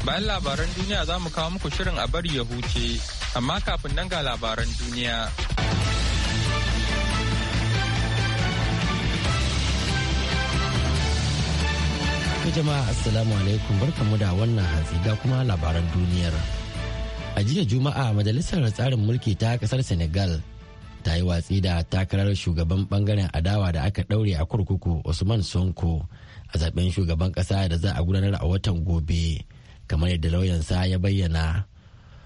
Bayan labaran duniya za mu kawo muku shirin a bari ya huce, amma kafin nan ga labaran duniya. jama'a assalamu alaikum barkamu da wannan hatsi ga kuma labaran duniyar. A jiya Juma'a Majalisar Tsarin Mulki ta kasar Senegal ta yi watsi da takarar shugaban bangaren adawa da aka daure a kurkuku Usman Sonko a zaben shugaban ƙasa da za a gudanar a watan gobe. kamar yadda lauyansa ya bayyana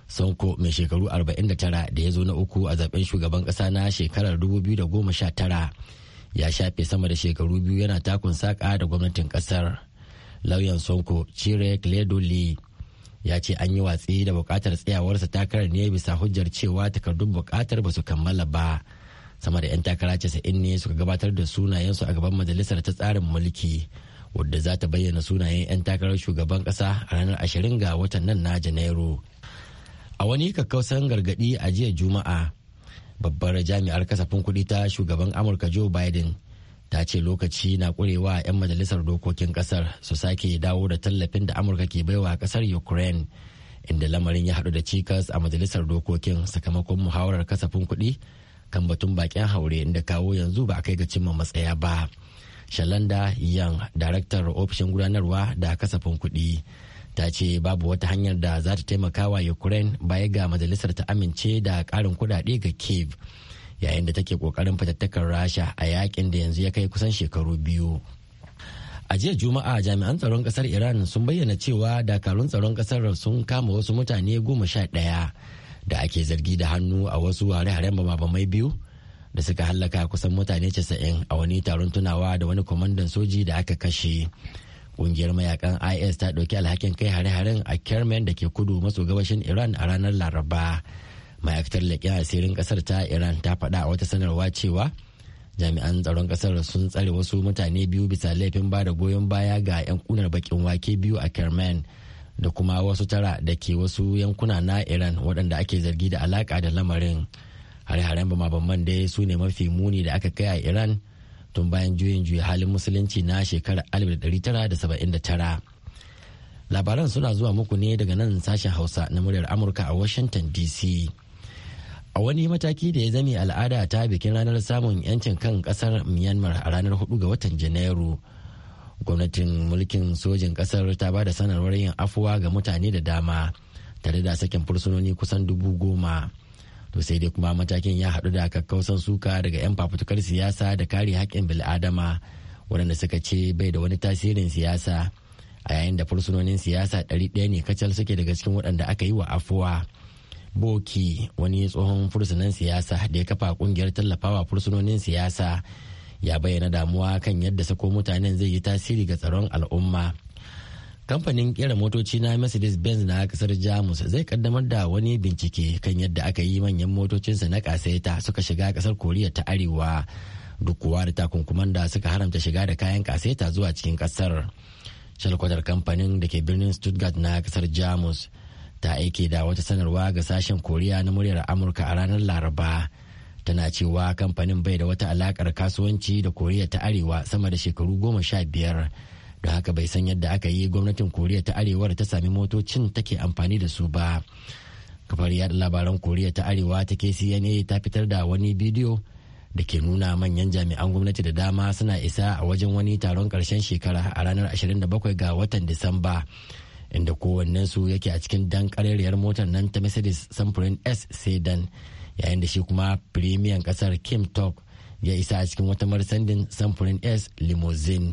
sanko mai shekaru 49 da ya zo na uku a zaben shugaban kasa na shekarar 2019 ya shafe sama da shekaru biyu yana takun saƙa da gwamnatin kasar lauyan sonko cire kledoli ya ce an yi watsi da bukatar tsayawarsa takarar ne bisa hujjar cewa takardun bukatar ba su kammala ba sama da 'yan takara 90 ne suka gabatar da sunayensu a gaban majalisar ta tsarin mulki wadda za ta bayyana sunayen 'yan takarar shugaban kasa a ranar ashirin ga watan nan na janairu a wani kakkausan gargadi a jiya juma'a babbar jami'ar kasafin kuɗi ta shugaban amurka joe biden ta ce lokaci na ƙurewa 'yan majalisar dokokin kasar su sake dawo da tallafin da amurka ke baiwa kasar ukraine inda lamarin ya haɗu da cikas a majalisar dokokin sakamakon muhawarar kasafin kuɗi kan batun bakin haure inda kawo yanzu ba a kai ga cimma matsaya ba. shalanda yang daraktar ofishin gudanarwa da kasafin kuɗi ta ce babu wata hanyar da za ta taimaka wa ukraine baya ga majalisar ta amince da ƙarin kuɗaɗe ga kiev yayin da take kokarin fitattakar rasha a yakin da yanzu ya kai kusan shekaru biyu a jiya juma'a jami'an tsaron kasar iran sun bayyana cewa dakarun tsaron kasar sun kama wasu mutane goma sha ɗaya da ake zargi da hannu a wasu hare-haren mabamai biyu da suka hallaka kusan mutane 90 a wani taron tunawa da wani kwamandan soji da aka kashe kungiyar mayakan is ta ɗauki alhakin kai hare-haren a kermen da ke kudu maso gabashin iran a ranar laraba ma'aikatar leƙen asirin ƙasar ta iran ta faɗa a wata sanarwa cewa jami'an tsaron ƙasar sun tsare wasu mutane biyu bisa laifin ba da goyon baya ga 'yan kunar bakin wake biyu a kermen da kuma wasu tara da ke wasu yankuna na iran waɗanda ake zargi da alaƙa da lamarin hare-haren bama-baman dai su ne mafi muni da aka kai a iran tun bayan juyin juya halin musulunci na shekarar 1979 labaran suna zuwa muku ne daga nan sashen hausa na muryar amurka a washington dc a wani mataki da ya zame al'ada ta bikin ranar samun 'yancin kan kasar myanmar a ranar 4 ga watan janairu gwamnatin mulkin sojin kasar ta ba da sanarwar yin afuwa ga mutane da dama tare da sakin fursunoni kusan dubu goma. to sai dai kuma matakin ya haɗu da kakkausan suka daga 'yan fafutukar siyasa da kare haƙƙin bil'adama waɗanda suka ce bai da wani tasirin siyasa a yayin da fursunonin siyasa ɗari ɗaya ne kacal suke daga cikin waɗanda aka yi wa afuwa boki wani tsohon fursunan siyasa da ya kafa ƙungiyar tallafawa fursunonin siyasa ya bayyana damuwa kan yadda sako mutanen zai yi tasiri ga tsaron al'umma kamfanin kera motoci na mercedes benz na kasar jamus zai kaddamar da wani bincike kan yadda aka yi manyan motocinsa na kasaita suka shiga kasar koriya ta arewa duk kuwa da takunkuman da suka haramta shiga da kayan kasaita zuwa cikin kasar shalkwatar kamfanin da ke birnin stuttgart na kasar jamus ta aike da wata sanarwa ga sashen koriya na muryar amurka a ranar laraba tana cewa kamfanin bai da wata alakar kasuwanci da koriya ta arewa sama da shekaru goma sha biyar da haka bai san yadda aka yi gwamnatin koriya ta da ta sami motocin take amfani da su ba kafar yada labaran koriya ta arewa ta kcna ta fitar da wani bidiyo da ke nuna manyan jami'an gwamnati da dama suna isa a wajen wani taron karshen shekara a ranar 27 ga watan disamba inda kowannensu yake a cikin dan kareriyar motar nan ta mercedes samfurin s sedan yayin da shi kuma firimiyan kasar kim tok ya isa a cikin wata marsandin samfurin s limousine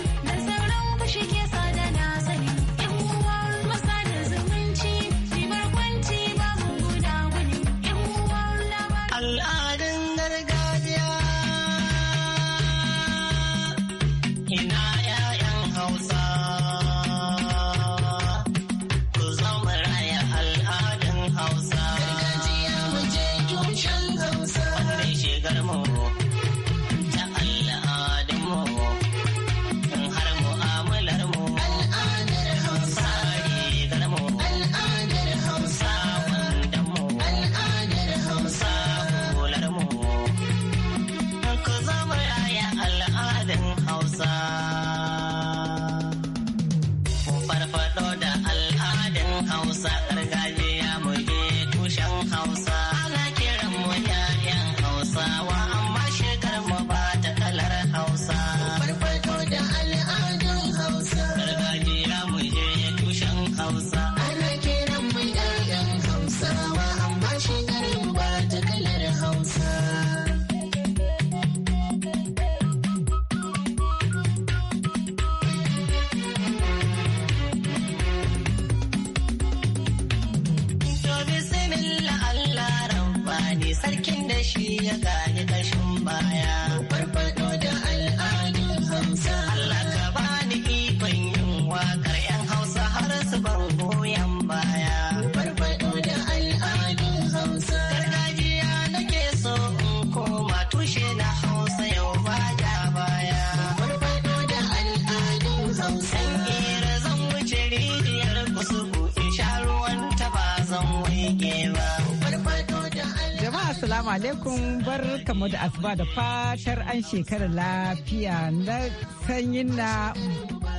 asuba da fatar an shekara lafiya na sanyin na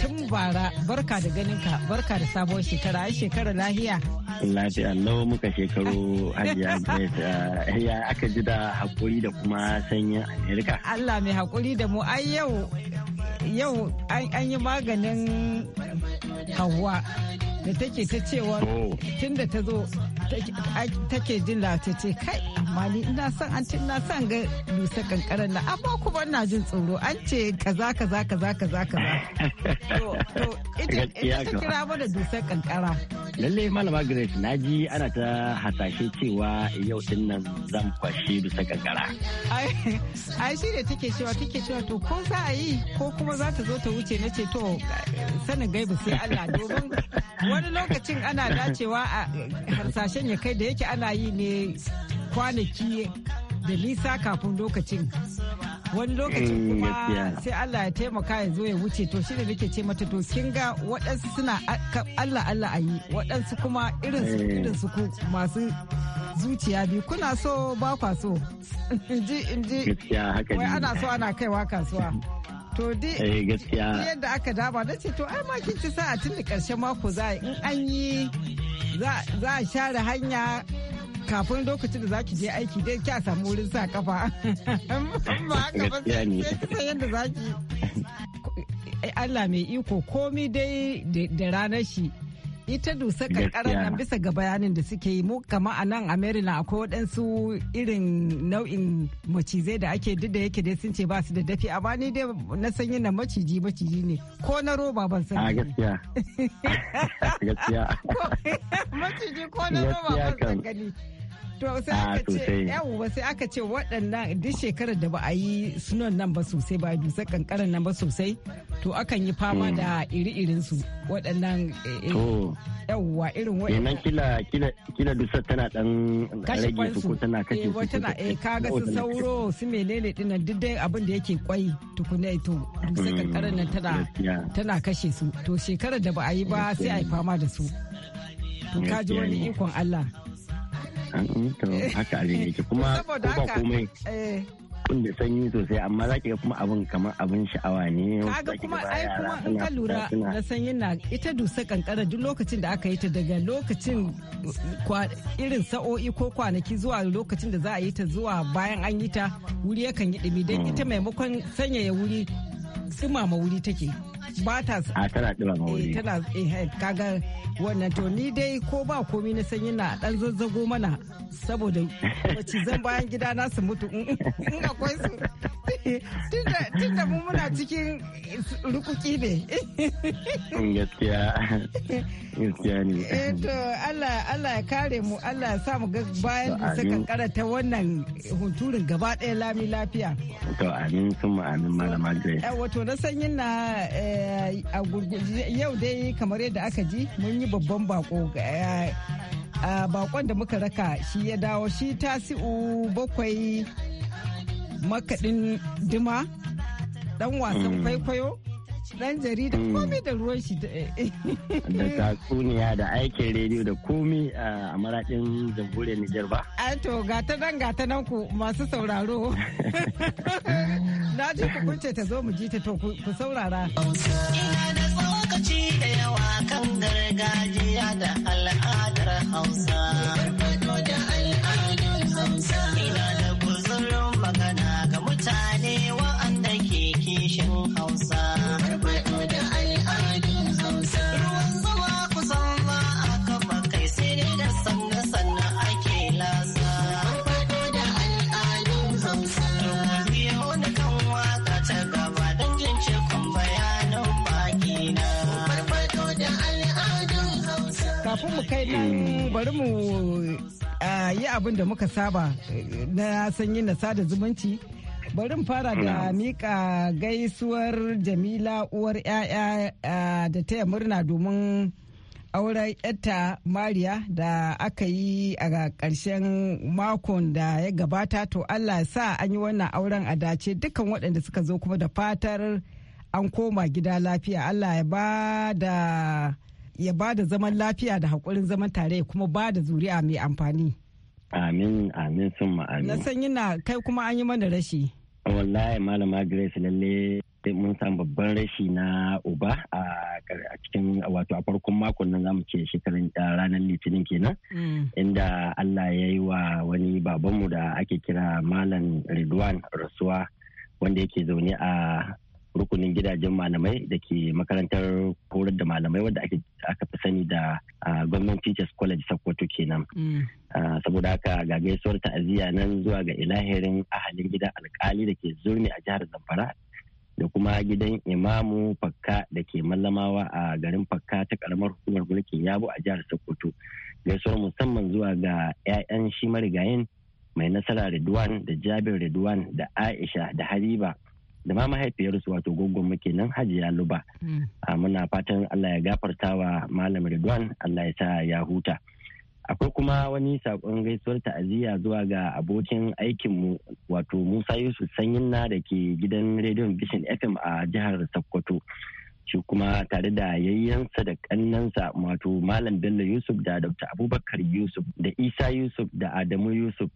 tun bara barka da ganin ka barka da sabon shekara an shekara lahiya. Lafiya nawa muka shekaru hajiya eh, ya aka ji da haƙuri da kuma sanyin Amerika. Allah mai haƙuri da mu ai yau yau an yi maganin hawa da take ta cewa oh. tun da ta zo take jin ce kai amma ni ina son an ce ina son ga dusa kankaran na amma kuma ina jin tsoro an ce kaza kaza kaza kaza kaza to ita ta kira mana dusa kankara lalle malama grace na ji ana ta hasashe cewa yau din nan zan kwashe dusa kankara ai shi ne take cewa take cewa to ko za a yi ko kuma za ta zo ta wuce na ce to sanin gaibu sai Allah domin wani lokacin ana dacewa a harsashe sanya kai da yake ana yi ne kwanaki da nisa kafin lokacin wani lokacin mm, kuma sai Allah ya taimaka ya zo ya wuce to da nake ce mata to kin ga waɗansu suna Allah Allah a yi waɗansu kuma irin su eh. irin su ku masu zuciya bi kuna so ba kwa so inji inji wai ana so ana kaiwa kasuwa To dai eh, yadda aka daba na ce to ai makin ci sa'a tun da karshen mako za in an yi za a share hanya kafin lokacin da zaki je aiki dai kya samu wurin sa kafa amma haka ba sai yadda ki. Allah mai iko komi dai da ranar shi ita dusa kankara nan bisa ga bayanin da suke yi mu kama a nan a maryland akwai waɗansu irin nau'in macizai da ake duk da yake dai sun ce ba su da dafi amma ni dai na san na maciji maciji ne ko na roba ban san a gaskiya gaskiya maciji ko na roba ban san gani To sai ah, aka ce yawwa sai aka ce waɗannan duk shekarar da ba a yi sunan nan ba sosai ba dusar kankaran nan ba sosai to akan yi fama hmm. da iri-irin su waɗannan eh, eh, yawwa irin waɗannan. nan kila kila dusar tana dan rage eh, su ko tana kashe su. Tana eh kaga su sauro su menene dinan duk dai abin da yake kwai tukuna to dusar kankaran hmm, nan tana tana kashe su to shekarar da ba a yi ba sai a yi fama da su. To kaji wani ikon Allah. to haka eh. abin yake kuma ba komai kun da sanyi sosai amma za ki ga kuma abin kamar abin sha'awa ne kaga kuma ai kuma in ka lura na sanyin na ita dusa kankara duk lokacin da aka yi ta daga lokacin eh, irin sa'o'i ko kwanaki zuwa lokacin da za a yi ta zuwa bayan an yi ta wuri yakan yi dumi don ita hmm. maimakon sanyaya wuri dumama wuri take ba ta a tana dumama wuri eh, tana eh, eh kaga wannan to ni dai ko ba komi na sanyi na dan zazzago mana saboda zan bayan gida na su mutu in akwai su tunda mu muna cikin rukuki ne mm, gaskiya gaskiya ne eh to Allah Allah ya kare mu Allah ya sa mu ga bayan da suka ta wannan hunturin gaba ɗaya lami lafiya to amin sun ma'amin malama Grace eh wato na sanyin na eh, a yau dai kamar yadda aka ji mun yi babban bako eh, bakon da muka raka shi ya dawo shi tasi'u bakwai makaɗin dima ɗan wasan mm. kwaikwayo dan jarida hmm. komai da ruwan shi eh, eh. da tatsuniya da aikin rediyo da komi eh, a maraƙin jamhuriyar Nijar ba. A to gata nan gata nan ku masu sauraro. Na ji ku ta zo mu ji ta to ku saurara. Ina da tsokaci da yawa kan gargajiya. kai nan bari mu yi abin da muka saba na sanyi na sada zumunci bari mu fara da mika gaisuwar jamila uwar 'ya'ya da taya murna domin auren 'yatta mariya da aka yi a ƙarshen makon da ya gabata to allah sa an yi wannan auren a dace dukkan waɗanda suka zo kuma da fatar an koma gida lafiya allah ya ba da ya ba da zaman lafiya da haƙurin zaman tare ya kuma ba da zuri'a mai amfani. Amin, amin sun amin. Na san yana kai kuma an yi mana rashi. Wallahi malama Grace lalle mun san babban rashi na uba a cikin wato a farkon makon nan zamu ce shekarun ranar litinin kenan mm. inda Allah ya yi wa wani babanmu da ake kira Malam Ridwan Rasuwa wanda yake zaune a rukunin gidajen malamai da ke makarantar horar da malamai wadda aka fi sani da gwamnan teachers college sokoto kenan mm. saboda haka ga gaisuwar ta'aziyya nan zuwa ga ilahirin ahalin gidan alkali da ke zurni a jihar zamfara da kuma gidan imamu fakka da ke mallamawa a garin fakka ta karamar hukumar mulkin yabo a jihar sokoto gaisuwar musamman zuwa ga 'ya'yan shi marigayin mai nasara Ridwan da Jabir Ridwan da Aisha da Habiba da ma mahaifiyarsu wato gungun muke nan hajiya luba hmm. muna fatan allah ya gafarta wa malam ridwan allah ya sa ya huta akwai kuma wani sakon gaisuwar ta'aziyya zuwa ga abokin aikinmu wato musa yusuf sanyin na da ke gidan rediyon bishin fm a jihar sokoto shi kuma tare da yayyansa da kannansa wato malam bello yusuf da dr abubakar yusuf da isa yusuf da adamu yusuf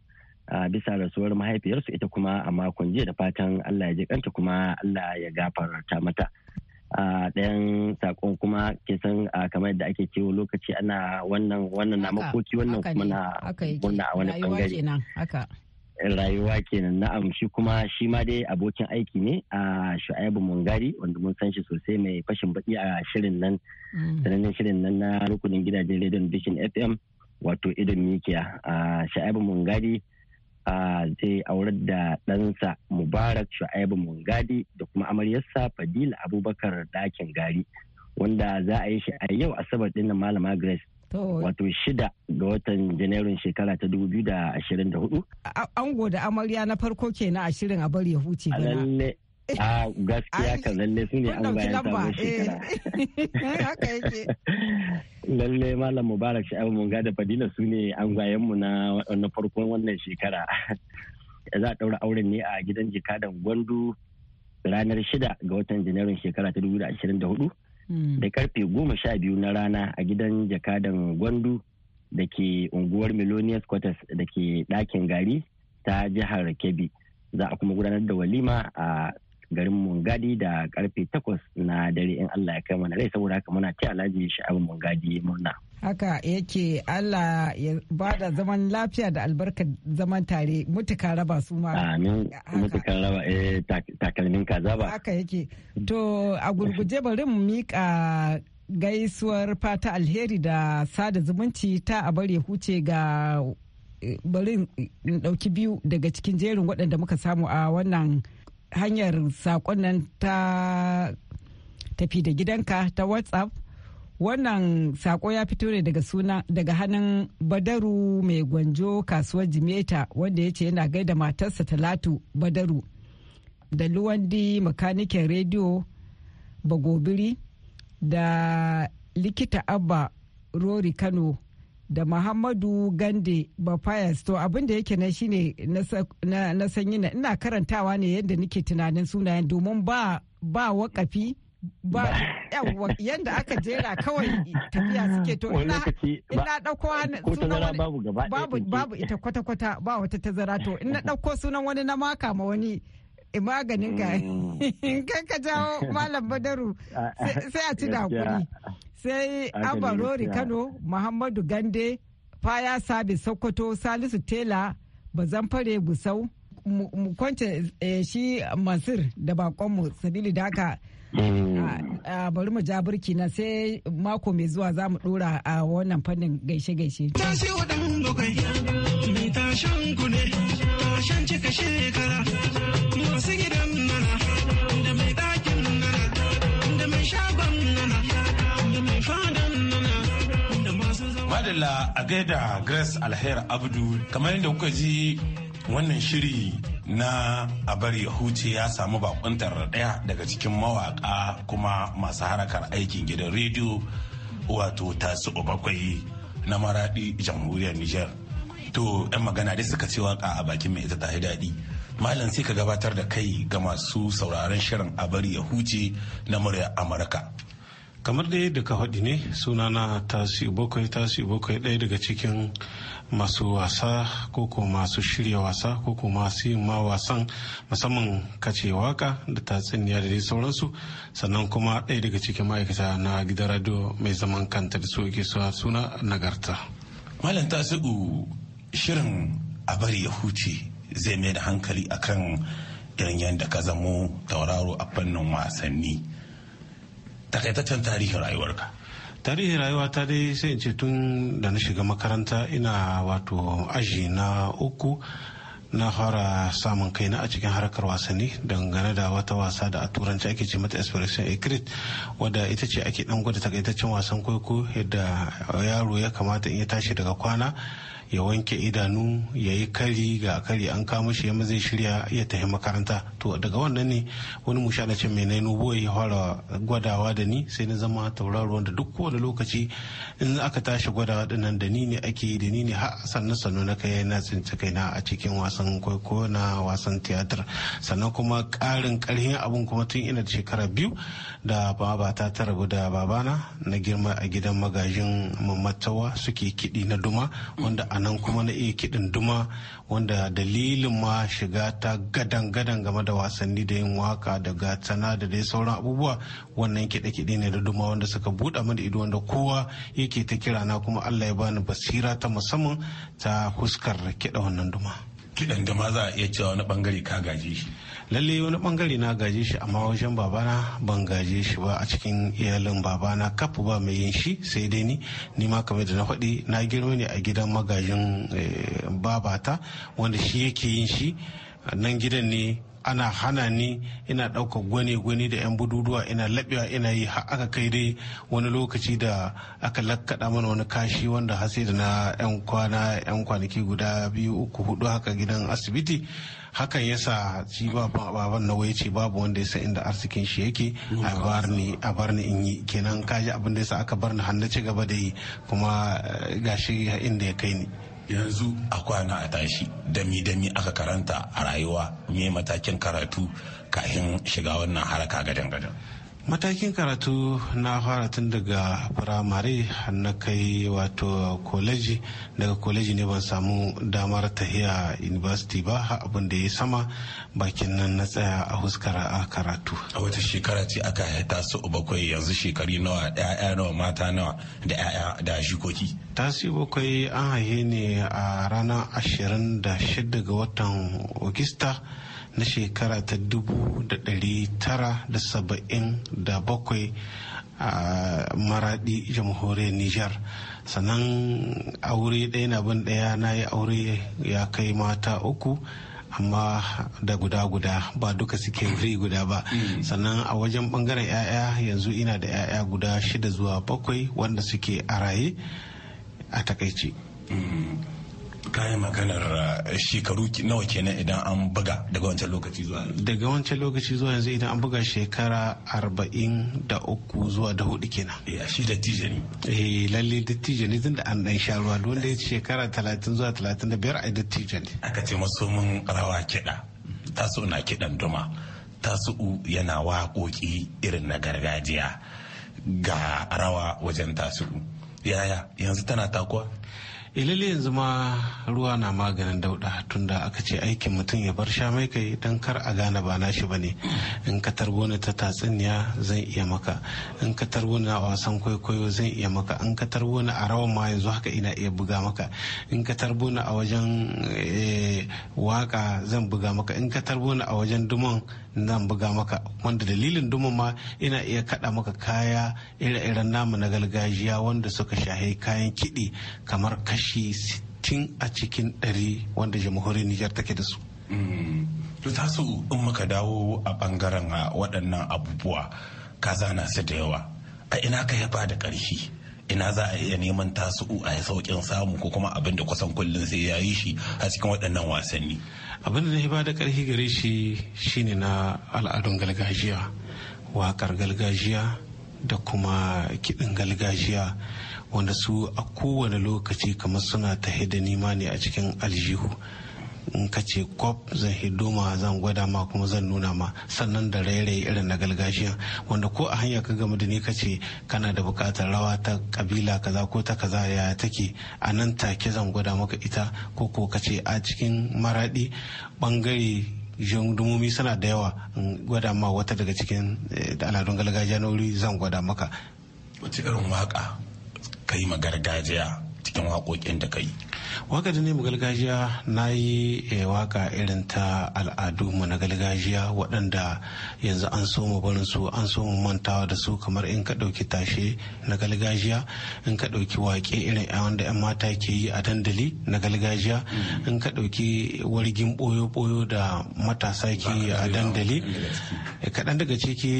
a bisa rasuwar mahaifiyarsu ita kuma a makon jiya da fatan Allah ya ji kanta kuma Allah ya gafarta mata. a ɗayan sakon kuma ke san kamar da ake cewa lokaci ana wannan wannan na makoki wannan kuma na wanda a wani bangare rayuwa kenan na'am shi kuma shi ma dai abokin aiki ne a shu'aibu mungari wanda mun san shi sosai mai fashin baki a shirin nan mm. sanannen shirin nan na rukunin gidajen rediyon vision fm wato idon mikiya a shu'aibu mungari zai aurar da ɗansa mubarak shu'aibu mungadi da kuma amaryarsa fadila abubakar dakin gari wanda za a yi shi a yau asabar ɗin malama grace wato shida ga watan janairun shekara ta 2024 ango da amarya na farko kenan a shirin a bari ya huce A gaskiya kan lalle su ne shekara. Eh, lalle Malam Mubarak Sha'abu Munga da Fadila su ne an mu na farkon wannan shekara. Za a ɗaura auren ne a gidan jikadan gwandu ranar shida ga watan janairun shekara ta dubu da ashirin da hudu hmm. da karfe goma sha biyu na rana a gidan jakadan gwandu da ke unguwar Milonius Quarters da ke ɗakin gari ta jihar Kebbi. Za a kuma gudanar da walima a garin mungadi da karfe takwas na dare in allah ya kai mana rai saboda haka muna ci alhaji sha'abin mungadi murna haka yake allah ya ba da zaman lafiya da albarkar zaman tare mutuka raba su ma amin mutuka raba eh takalmin kaza ba haka yake to a gurguje bari mu mika gaisuwar fata alheri da sada zumunci ta a bare huce ga eh, bari in ɗauki biyu daga cikin jerin waɗanda muka samu a wannan hanyar saƙon nan ta tafi da gidanka ta whatsapp wannan saƙo ya fito ne daga suna daga hannun badaru mai gwanjo kasuwar jimeta wanda ya ce yana gaida matarsa talatu badaru da luwandi makanikin rediyo bagobiri da likita abba rori kano da Muhammadu Gande Bafayas to abin da yake na shine na sanyi na ina karantawa ne yadda nake tunanin sunayen domin ba ba wakafi ba yadda aka jera kawai tafiya suke to ina dauko sunan wani babu babu ita kwata kwata ba wata tazara to ina dauko sunan wani na maka ma wani maganin ga mm. in ka jawo malam badaru ah, sai a ci da hakuri sai abarori kano muhammadu gande faya sabi sokoto salisu tela bazanfare gusau mu kwance eh, shi masir da bakonmu sabili da mm. a bari mu ja burki na sai mako mai zuwa za mu dora a wannan fannin gaishe-gaishe. adala a gaida Grace Alher Abdu kamar yadda kuka ji wannan shiri na a bari ya huce ya samu bakuntar daya daga cikin mawaka kuma masu harakar aikin gidan rediyo wato tasu bakwai na maradi jamhuriyar Nijar to 'yan magana dai suka ce waka a bakin mai ita tahi daɗi malam sai ka gabatar da kai ga masu sauraron shirin a bari ya huce na murya amurka kamar da yadda ka faɗi ne sunana tasi bakwai tasi bakwai ɗaya daga cikin masu wasa ko ko masu shirya wasa ko ko masu yin ma wasan musamman kace waka da tatsuniya da dai sauransu sannan kuma ɗaya daga cikin ma'aikata na gidan radio mai zaman kanta da soke suna nagarta malam tasi'u shirin a bari ya huce zai mai da hankali akan irin yadda ka zamo tauraro a fannin wasanni takaitaccen tarihin rayuwarka tarihin rayuwa ta dai sai in ce tun da na shiga makaranta ina wato aji na uku na fara samun kai na a cikin harkar wasanni dangane da wata wasa da a turanci ake ce mata expression ecrit wadda ita ce ake dan gwada takaitaccen wasan kwaiko yadda yaro ya kamata in ya tashi daga kwana ya wanke idanu ya yi kari ga kari an kama shi yamma zai shirya ya tafi makaranta to daga wannan ne wani musha da ce mai nainu boye ya fara gwadawa da ni sai na zama tauraro da duk kowane lokaci in aka tashi gwadawa dinnan da ni ne ake yi da ni ne har sannan sannu na kai na tsinci kaina a cikin wasan kwaikwayo na wasan tiyatar sannan kuma karin karhin abun kuma tun ina da shekara biyu da ba ta ta rabu da babana na girma a gidan magajin mamatawa suke kiɗi na duma wanda a nan kuma na iya kiɗin duma wanda dalilin ma shiga ta gadan gadan game da wasanni da yin waka da gatsana da dai sauran abubuwa wannan kiɗe kiɗe ne da duma wanda suka buɗe mana ido wanda kowa yake ta kira na kuma Allah ya bani basira ta musamman ta huskar kiɗa wannan duma. Kiɗan duma za a iya cewa wani bangare ka gaje shi. lalle wani bangare na gaje shi amma wajen babana ban gaje shi ba a cikin iyalin babana kafu ba mai yin shi sai dai ni ni ma kamar da na faɗi na girma ne a gidan magajin eh, babata wanda shi yake yin shi nan gidan ne ana hana ni ina ɗaukar gwane gwani da 'yan bududuwa ina laɓewa ina yi har aka kai dai wani lokaci da aka lakkaɗa mana wani kashi wanda hasi da na 'yan kwana 'yan kwanaki guda biyu uku hudu haka gidan asibiti hakan yasa shi ba baban na ya ce babu wanda ya san inda arzikin shi yake a bar ni a bar ni in yi kenan kaji abin da yasa aka bar ni har na ci gaba da yi kuma eh, gashi inda ya kai ni yanzu a kwana a tashi dami-dami aka karanta a rayuwa me matakin karatu kafin shiga wannan haraka gadan-gadan matakin karatu na fara tun daga firamare na kai wato koleji daga koleji ne ban samu damar tahiya university ba abin da ya sama bakin nan na tsaya a huskara a karatu a wata shekara ce aka haita su bakwai yanzu shekari nawa ya'ya nawa mata nawa da ya'ya da shikoki tasi bakwai an haihe ne a ranar ashirin da ga watan ogista na shekara ta dubu da tara da saba'in da bakwai a maradi jamhuriyar Nijar sannan aure ɗaya na bin ɗaya na yi aure ya kai mata uku amma da guda-guda ba duka suke wuri guda ba mm. sannan a wajen bangaren 'ya'ya yanzu ina da 'ya'ya guda shida zuwa bakwai wanda suke a raye a takaici mm. kayan maganar eh, shekaru nawa kenan idan an buga daga wancan lokaci zuwa daga wancan lokaci zuwa yanzu idan an buga shekara arba'in da uku zuwa da hudu kenan eh shi da tijani eh lalle da tijani tun da an dan sha ruwa don da shekara talatin zuwa talatin da biyar a da tijani aka ce maso mun rawa kiɗa taso na kiɗan duma tasu yana waƙoƙi irin na gargajiya ga rawa wajen tasu yaya yanzu tana takuwa ilili eh, yanzu ma ruwa na maganin dauda tunda aka ce aikin mutum ya bar sha mai kai don kar a gane ba na shi bane in ka tarbo ta tatsuniya zan iya maka in ka tarbo a wasan kwaikwayo zan iya maka in ka tarbo ni a rawan ma yanzu haka ina iya buga maka in ka tarbo a wajen eh, waka zan buga maka in ka tarbo a wajen duman zan buga maka wanda dalilin duma ma ina iya kaɗa maka kaya ire-iren namu na gargajiya wanda suka shahe kayan kiɗi kamar kashi 60 a cikin 100 wanda jamhuriyar Nijar take da su. Mm. To su in muka dawo a bangaren ah, waɗannan abubuwa ka zana su da yawa a ina ka yaba da ƙarfi ina za a iya neman tasu a sauƙin samu ko kuma abin da kusan kullum sai ya yi shi a cikin waɗannan wasanni abin da ya ba da ƙarfi gare shi shine na al'adun gargajiya waƙar gargajiya da kuma kiɗin gargajiya wanda su a kowane lokaci kamar suna ta da nima ne a cikin aljihu in ka ce kwaf zan hiddo ma zan gwada ma kuma zan nuna ma sannan da rairaye irin na gargajiya wanda ko a hanya ka gama da ni ka ce kana da bukatar rawa ta kabila kaza ko ta kaza ya take a nan take zan gwada maka ita ko ko ka ce a cikin maradi bangare dumomi suna da yawa gwada ma wata daga cikin eh, al'adun gargajiya na wuri zan gwada maka wace irin waka ka yi ma gargajiya cikin waƙoƙin da ka yi waka da nemi gargajiya na yi eh, waka irin ta al'adu al'adunmu na gargajiya waɗanda yanzu an so mu barin su an so mu mantawa da su kamar in ka ɗauki tashe na gargajiya in ka ɗauki waƙe irin wanda 'yan mata ke yi a dandali na gargajiya mm. in ka ɗauki wargin ɓoyo-ɓoyo da matasa ke yi a dandali eh, kaɗan daga ciki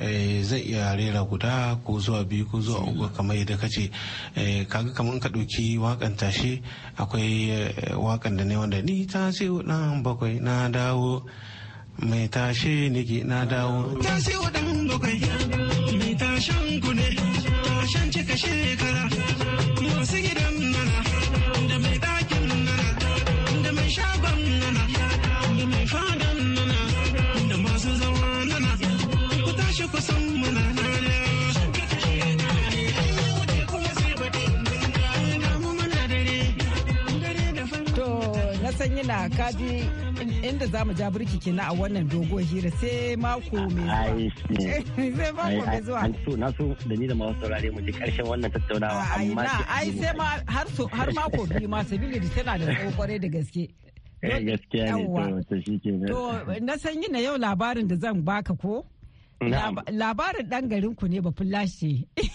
eh, zai iya rera guda ko zuwa biyu ko zuwa uku kamar yadda ka ce kaga kamar in ka ɗauki wakan tashe akwai eh, wakan da ne wanda ni ta ce dan bakwai na dawo mai tashe niki na dawo ta ce dan bakwai mai tashen ku ne tashen cika shekara masu gida Allah ka ji inda za mu ja burki na a wannan dogon hira sai mako mai zuwa. Sai mako mai zuwa. Ai, so na so da ni da masu saurare mu ji karshen wannan tattaunawa amma ai sai ma har so har mako biyu ma sabili da tana da tsawo kwarai da gaske. Eh, gaskiya ne to shi kenan. To na san yi na yau labarin da zan baka ko? Labarin ɗan garin ku ne ba lashe.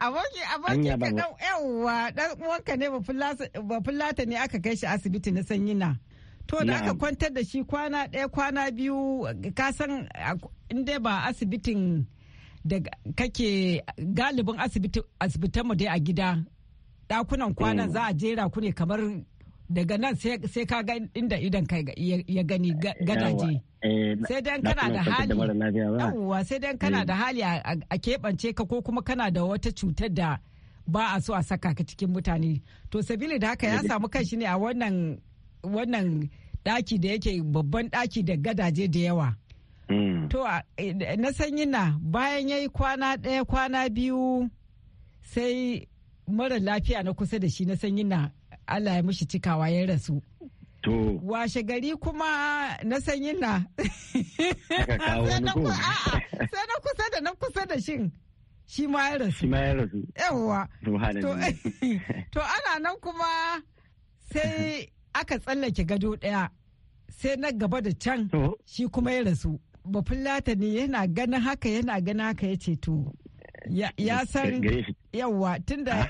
Abokin ka uwanka ne ne aka kai shi asibiti na sanyina to da aka kwantar da shi kwana ɗaya kwana biyu ka san inda ba asibitin da kake galibin asibitanmu dai a gida ɗakunan kwanan mm. za a jera ku ne kamar daga nan sai ka ga inda idan kai ya gani eh, gadaje eh, sai dan kana eh. da hali yawa sai dan kana da hali a keɓance ka ko kuma kana da wata cutar da ba a so a saka ka cikin mutane to sabili da haka ya samu kanshi ne a wannan wannan daki da yake babban daki da gadaje da yawa hmm. to na san na bayan yayi yi kwana ɗaya kwana biyu sai mara lafiya na kusa da shi na sanyi na Allah ya mishi cikawa ya rasu. To. Washe gari kuma na sanyin na. Sai na kusa da na kusa da shin. Shi ma ya rasu. Shi ma ya rasu. Yawwa. To ana nan kuma sai aka tsallake gado ɗaya. Sai na gaba da can shi kuma ya rasu. Bafin ne yana ganin haka yana ganin haka ya ce to ya san tun tunda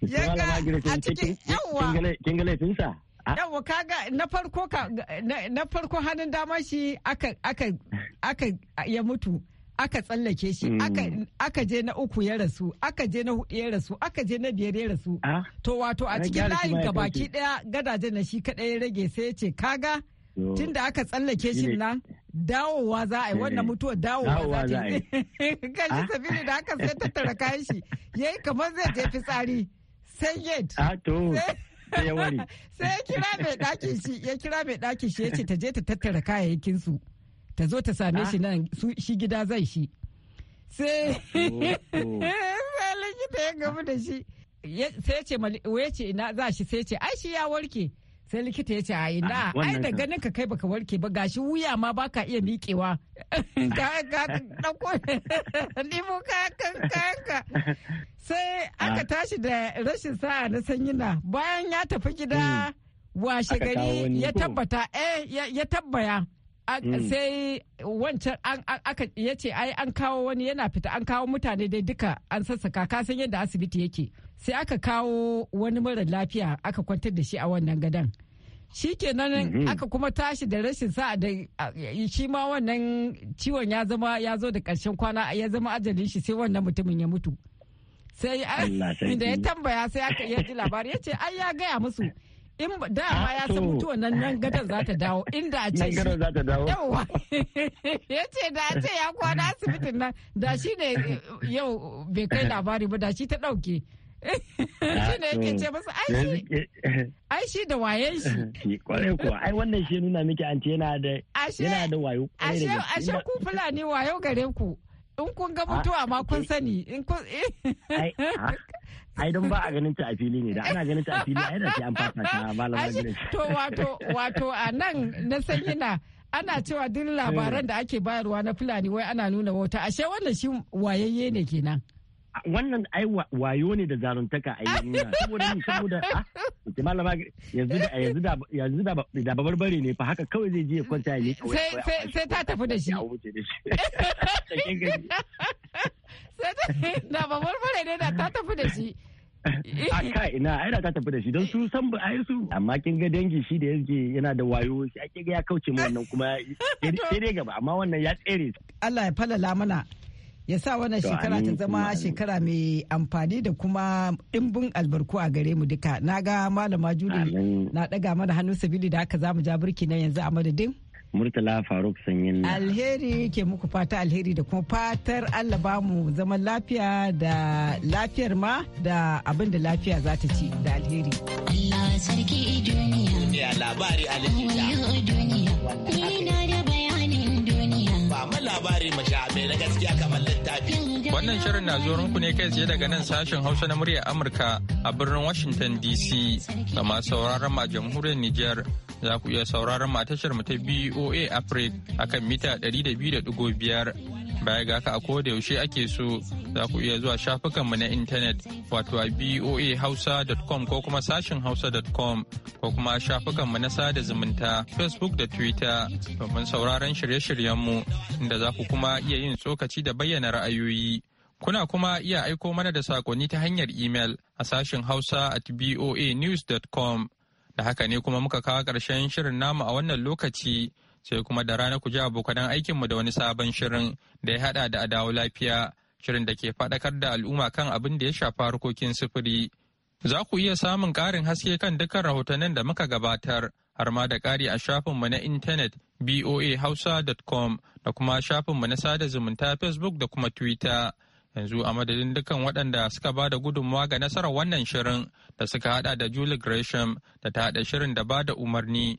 ya ga a cikin yawwa. kin laifinsa kaga na farko na farko hannun dama shi aka aka aka ya mutu aka tsallake shi hmm. aka je na uku ya rasu aka je na hudu ya rasu aka je na biyar ya rasu ah. to wato a cikin layin ga baki daya gadaje na shi kadai ya rage sai ya ce kaga tunda aka tsallake shi nan dawowa za a yi eh. wannan mutuwa dawowa za a yi kan ji ah. sabili da haka sai tattara kayan shi yi kamar zai je fitsari sai ah, yet sai ya kira mai ɗakin shi ya kira mai ɗakin shi ya ce ta je ta tattara kayayyakin su ta zo ta same shi ah. nan shi gida zai shi sai sai likita ya gamu da shi sai ce ina za shi sai ce ai shi ya warke sai likita ya ce a ina ah, ai da ganin ka kai baka warke ba gashi wuya ma baka iya miƙewa mm. ka ka dauko mu ka ka ka sai ah. aka tashi da rashin sa'a na sanyina bayan ya tafi gida mm. washe gari ya tabbata eh ya tabbaya mm. sai wancan aka ya ai an kawo wani yana fita an kawo mutane dai duka an sassaka ka san yadda asibiti yake sai aka kawo wani mara lafiya aka kwantar da shi a wannan gadan shi kenan mm-hmm. aka kuma tashi da rashin sa da shi ma wannan ciwon ya zama ya zo da ƙarshen kwana ya zama ajalin shi sai wannan mutumin ya mutu sai da ya tambaya sai aka iya ji labari ya ce ai ya gaya musu in da ma ya ah, san mutu nan nan gadon za ta dawo inda a ce shi yawa ya ce da a ce ya kwana asibitin nan da shi ne yau bai kai labari ba da shi ta ɗauke. Ah, Shine yake ce masa ai shi da wayen shi. Kwarai kuwa ai wannan shi nuna miki an yana da yana da wayo. Ashe ashe ku fulani wayo gare ku. In kun ga ah, mutuwa ma kun eh. sani. In kun ah, ai don ba a ganin ta a fili ne da ana ganin ta a fili ai da sai an fata ta malama gidan. To wato wato a nan na san yana ana cewa duk labaran eh. da ake bayarwa na fulani wai ana nuna wata ashe wannan shi wayayye ne kenan. wannan ai wayo ne da zaruntaka a yi saboda ni saboda ah, a yanzu da yanzu da yanzu da da babarbare ne fa haka kawai zai je ya kwanta ya sai sai ta tafi da shi sai ta da babarbare ne da ta tafi da shi a ka ina ai da ta tafi da shi don su san ba ai su amma kin ga dangi shi da yake yana da wayo shi ake ga ya kauce mu wannan kuma sai dai gaba amma wannan ya tsere Allah ya falala mana ya sa wannan shekara ta zama shekara mai amfani da kuma ɗimbin albarku a gare mu duka na ga malama juli na ɗaga mana hannu sabili da haka zamu ja birki na yanzu a madadin murtala faruk sanyin alheri ke muku fata alheri da kuma fatar allah ba mu zaman lafiya da lafiyar ma da abin da lafiya za ta ci da alheri allah sarki duniya labari alheri samu labari mashabe na gaskiya kamar littafi. Wannan shirin na zuwa ne kai tsaye daga nan sashen Hausa na muryar Amurka a birnin Washington DC. Ga masu sauraron ma jamhuriyar Nijar za ku iya sauraron ma tashar mu ta BOA Africa akan mita 200.5 Baya ga haka a koda yaushe ake so za ku iya zuwa shafukanmu na intanet wato a voahausa.com ko kuma sashin hausa.com ko kuma shafukanmu na sada zumunta Facebook da Twitter domin sauraron shirye-shiryenmu inda za ku kuma iya yin tsokaci da bayyana ra'ayoyi. Kuna kuma iya aiko mana da saƙonni ta hanyar imel a sashin hausa at voanews.com. Da haka ne kuma muka kawo ƙarshen shirin namu a wannan lokaci. sai kuma da rana ku ji abokanan aikinmu da wani sabon shirin da ya haɗa da adawo lafiya shirin da ke faɗakar da al'umma kan abin da ya shafa harkokin sufuri. Za ku iya samun ƙarin haske kan dukkan rahotannin da muka gabatar har ma da ƙari a shafinmu na intanet boahausa.com da kuma shafinmu na sada zumunta Facebook da kuma Twitter. Yanzu a madadin dukkan waɗanda suka ba da gudunmawa ga nasarar wannan shirin da suka haɗa da Julie Gresham da ta haɗa shirin da ba da umarni